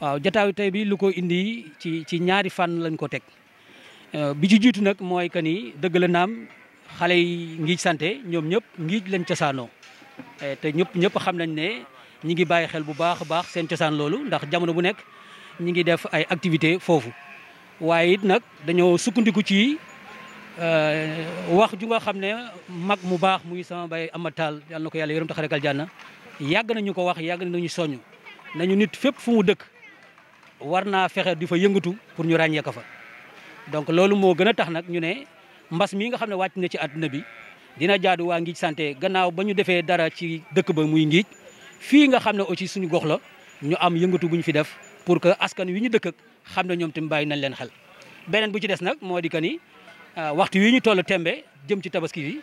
waaw jotaayu tey bi lu ko indi ci ci ñaari fànn lañ ko teg euh, bi ci jiitu nag mooy que ni dëgg naam xale yi ngiij santé ñoom ñëpp ngiij leen cosaanoo euh, te ñëpp ñëpp xam nañ ne ñu ngi bàyyi xel bu baax a baax seen cosaan loolu ndax jamono bu nekk ñi ngi def ay activité foofu waaye it nag dañoo sukkandiku ci euh, wax ju nga xam ne mag mu baax muy sama bay Amath Tall yàlla na ko yàlla yërëm taxarekal na yàgg nañu ko wax yàgg nañu soññ nañu nit fépp fu mu dëkk war naa fexe di fa yëngatu pour ñu ràññee ko fa. donc loolu moo gën a tax nag ñu ne mbas mii nga xam ne wàcc na ci àdduna bi dina jaadu waa Ngidj santé gannaaw ba ñu defee dara ci dëkk ba muy Ngidj fii nga xam ne aussi suñu gox la ñu am yëngatu bu ñu fi def pour que askan wi ñu dëkk ak xam ne ñoom tam bàyyi nañ leen xel. beneen bu ci des nag moo di que ni euh, waxtu wi ñu toll tembe jëm ci tabaski yi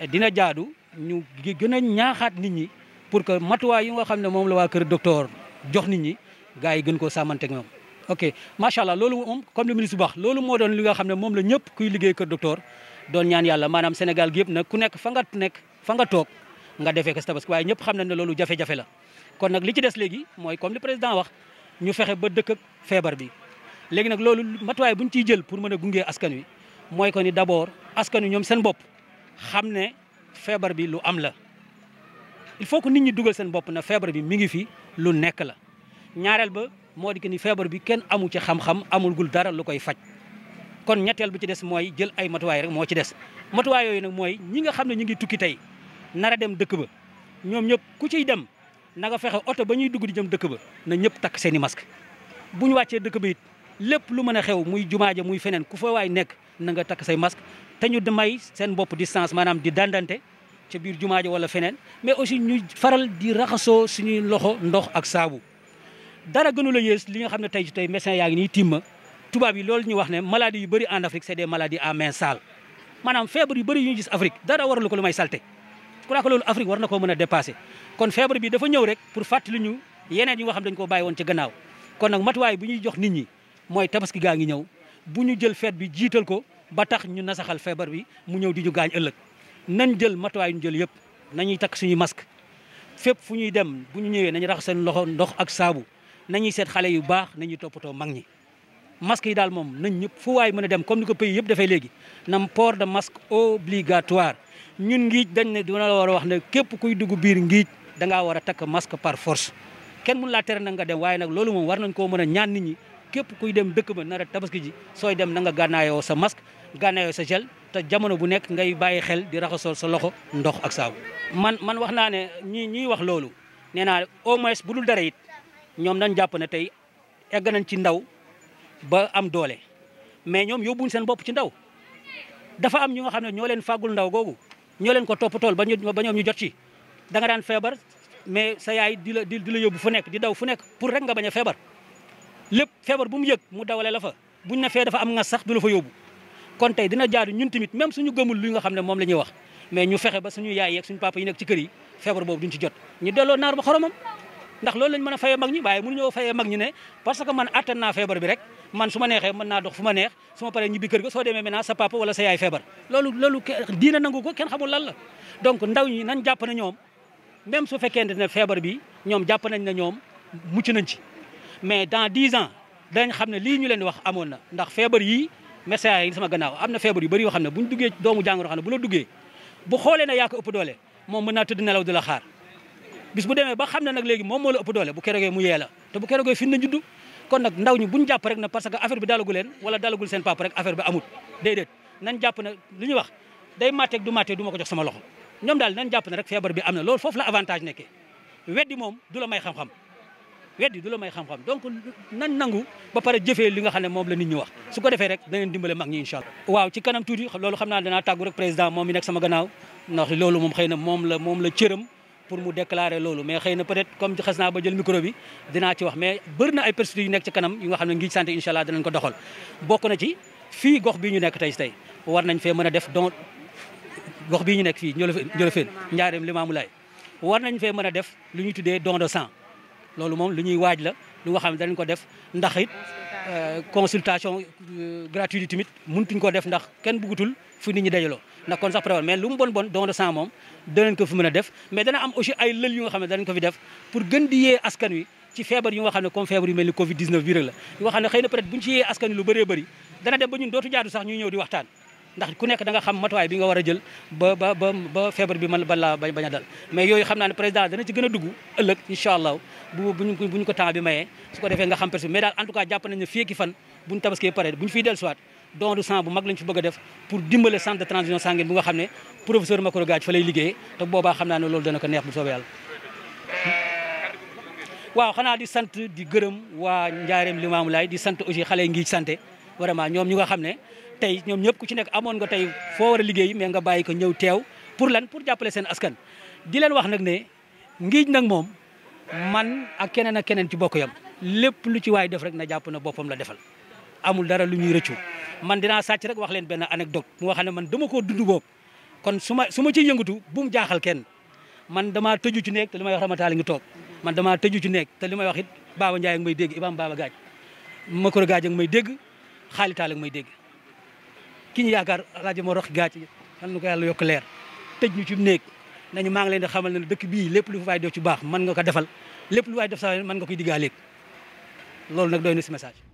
euh, dina jaadu ñu gën a ñaaxaat nit ñi pour que matuwaay yi nga xam ne moom la waa kër docteur jox nit ñi. gars yi gën koo sàmmanteeg moom ok macha allah loolu moom comme le ministre bu baax loolu moo doon li nga xam ne moom la ñëpp kuy liggéey kër docteur doon ñaan yàlla maanaam Sénégal gi yëpp nag ku nekk fa nga nekk fa nga toog nga defee ko tabaski waaye ñëpp xam nañ ne loolu jafe-jafe la kon nag li ci des léegi mooy comme li président wax ñu fexe ba dëkk feebar bi léegi nag loolu matuwaay bu ñu ciy jël pour mën a gungee askan wi mooy ko ni d'abord askan wi ñoom seen bopp xam ne feebar bi lu am la il faut nit ñi dugal seen bopp na feebar bi mi ngi fi lu nekk la ñaareel ba moo di que ni feebar bi kenn amu ci xam-xam amul gul dara lu koy faj kon ñetteel bi ci des mooy jël ay matuwaay rek moo ci des matuwaay yooyu nag mooy ñi nga xam ne ñu ngi tukki tey nar a dem dëkk ba ñoom ñëpp ku ciy dem na nga fexe oto ba ñuy dugg di jëm dëkk ba na ñëpp takk seen i masque bu ñu wàccee dëkk ba it lépp lu mën a xew muy jumaaja muy feneen ku fa nekk na nga takk say masque te ñu may seen bopp distance maanaam di dandante ca biir jumaaja wala feneen mais aussi ñu faral di raxasoo suñuy loxo ndox ak saabu dara gënu la yées li nga xam ne tey ci tey médecin yaa ngi nii timma tubaab yi loolu ñu wax ne maladies yu bëri en Afrique c'est des maladies à main sale maanaam feebar yu bëri yu ñu gis Afrique dara waralu ko lu may salte je crois que loolu Afrique war na koo mën a dépassé kon feebar bi dafa ñëw rek pour fàttali ñu yeneen yi waxam xam dañu koo bàyyi woon ci gannaaw kon nag matuwaay bu ñuy jox nit ñi mooy tabaski gaa ngi ñëw bu ñu jël feet bi jiital ko ba tax ñu nasaxal feebar bi mu ñëw di ñu ëllëg nañ jël matuwaay ñu jël yëpp nañuy takk suñuy masque fépp fu ñuy dem bu ñëwee nañu raxas seen loxo ndox ak saabu nañuy seet xale yu baax nañuy toppatoo mag ñi masque yi daal moom nañ ñëpp fu waay mën a dem comme ni ko pays yëpp dafay léegi nam port de masque obligatoire ñun ngiij dañ ne dina war a wax ne képp kuy dugg biir ngiij da ngaa war a takk masque par force kenn mun laa tere na nga dem waaye nag loolu moom war nañ koo mën a ñaan nit ñi képp kuy dem dëkk ba nar a tabaski ji sooy dem nanga nga gànnaayoo sa masque gànnaayoo sa gel te jamono bu nekk ngay bàyyi xel di raxasoo sa loxo ndox ak saabu man man wax naa ne ñi ñuy wax loolu nee naa au moins bu dul it ñoom dañ jàpp ne tey egg nañ ci ndaw ba am doole mais ñoom yóbbuñ seen bopp ci ndaw dafa am ñu nga xam ne ñoo leen fàggul ndaw googu ñoo leen ko toppatool ba ñoom ñu jot ci danga daan feebar mais sa yaay di la di la yóbbu fu nekk di daw fu nekk pour rek nga bañ a feebar lépp feebar bu mu yëg mu dawalee la fa buñ ne fee dafa am nga sax du la fa yóbbu kon tey dina jaadu ñun tamit même suñu gëmul li nga xam ne moom la ñuy wax mais ñu fexe ba suñu yaay yeeg suñu papa yi nekk ci kër yi feebar boobu duñ ci jot ñu delloo naar ndax loolu lañ mën a fayee mag ñi waaye mënuñoo fayee mag ñi ne parce que man attan naa feebar bi rek man su ma neexee mën naa dox fu ma neex su ma paree ñibbi kër ga soo demee maintenant sa papa wala sa yaay feebar loolu loolu diina nangu ko kenn xamul lan la donc ndaw ñi nañ jàpp na ñoom même su fekkente ne feebar bi ñoom jàpp nañ ne ñoom mucc nañ ci mais dans dix an danañ xam ne lii ñu leen di wax amoon na ndax feebar yii message yi sama gannaaw am na feebar yu bëri yoo xam ne buñ duggee doomu jàngoro ne bu la duggee bu xoolee ne yaa doole moom mën naa tëdd la xaar bis bu demee ba xam ne nag léegi moom moo la ëpp doole bu keroogee mu yee la te bu keroogee fin na juddu kon nag ndaw ñi buñ jàpp rek na parce que affaire bi dalagu leen wala dalagul seen papa rek affaire bi amut déedéet nañ jàpp na lu ñuy wax day mateeg du mattee du ma ko jox sama loxo ñoom daal nañ jàpp ne rek feebar bi am na loolu foofu la avantage nekkee weddi moom du la may xam-xam weddi du la may xam-xam donc nan nangu ba pare jëfee li nga xam ne moom la nit ñi wax su ko defee rek dangeen dimbale mag ñi incha allah waaw ci xam naa danaa tàggu rek moom mi nekk sama gannaaw loolu moom xëy na moom la moom la cëram pour mu déclarer loolu mais xëy na peut être comme xas naa ba jël micro bi dinaa ci wax mais bëri na ay perspectives yu nekk ci kanam yu nga xam ne ngi santé incha allah dinañ ko bokk na ci fii gox bii ñu nekk tey tey war nañ fee mën a def don gox bii ñu nekk fii Ndiolofène Ndiarème Limamou Laye war nañ fee mën a def lu ñuy tuddee don de sang loolu moom lu ñuy waaj la lu nga xam ne danañ ko def ndax it Euh, consultation euh, gratuite yi tamit mëntuñ ko def ndax kenn bëggutul fu nit ñi dajaloo ndax kon sax prévoir mais lu mu bon bon don de sang moom danañ ko fi mën a def mais dana am aussi ay lël yu nga xam ne danañ ko fi def pour gën di yee askan wi ci feebar yu nga xam ne comme feebar yu mel ni covid 19 bi rek la yu nga xam ne xëy na peut bu ñu ci yee askan wi lu bëree bëri dana dem ba ñun dootu jaadu sax ñuy ñëw di waxtaan ndax ku nekk da nga xam matuwaay bi nga war a jël ba feebar bi mën ba laa bañ a dal mais yooyu xam naa ne président dana ci gën a dugg ëllëg incha allah bu bu ñu ko temps bi mayee su ko defee nga xam personne mais daal en tout cas jàpp nañ ki fan bu ñu tabaskee pare bu ñu fiy dellusiwaat don de sang bu mag lañ fi bëgg a def pour dimbale centre de transfusion sanguine bu nga xam ne professeur Macoro Gadj fa lay liggéeyee te boobaa xam naa ne loolu dana ko neex bu di sant di gërëm waa Njaareem Limaamu Laay di sant aussi xale yi ngi santé vraiment ñoom ñu nga xam ne tey ñoom ñëpp ku ci nekk amoon nga tey foo war a liggéey mais nga bàyyi ko ñëw teew pour lan pour jàppale seen askan di leen wax nag ne ngiiñ nag moom man ak keneen ak keneen ci bokk yam lépp lu ci waay def rek na jàpp na boppam la defal amul dara lu ñuy rëccu man dinaa sàcc rek wax leen benn anecdote moo xam ne man dama koo dund boobu kon su ma su ma ciy yëngatu bu jaaxal kenn man damaa tëju ci nekk te li may wax ramataali ngi toog man damaa tëju ci nekk te li may wax it Baba Ndiaye ak may dégg Ibaam Baba Gaaj Makoro Gaaj ak may dégg xaalitaal ak may dégg ki ñu yaakaar alaaji moo rox gaaci xan nu ko yàlla yokk leer tëj ñu ci néeg nañu maa ngi leen di xamal ne dëkk bii lépp lu fa waay def baax mën nga ko defal lépp lu waay def sa mën nga koy diggaaleeg loolu nag doy na si message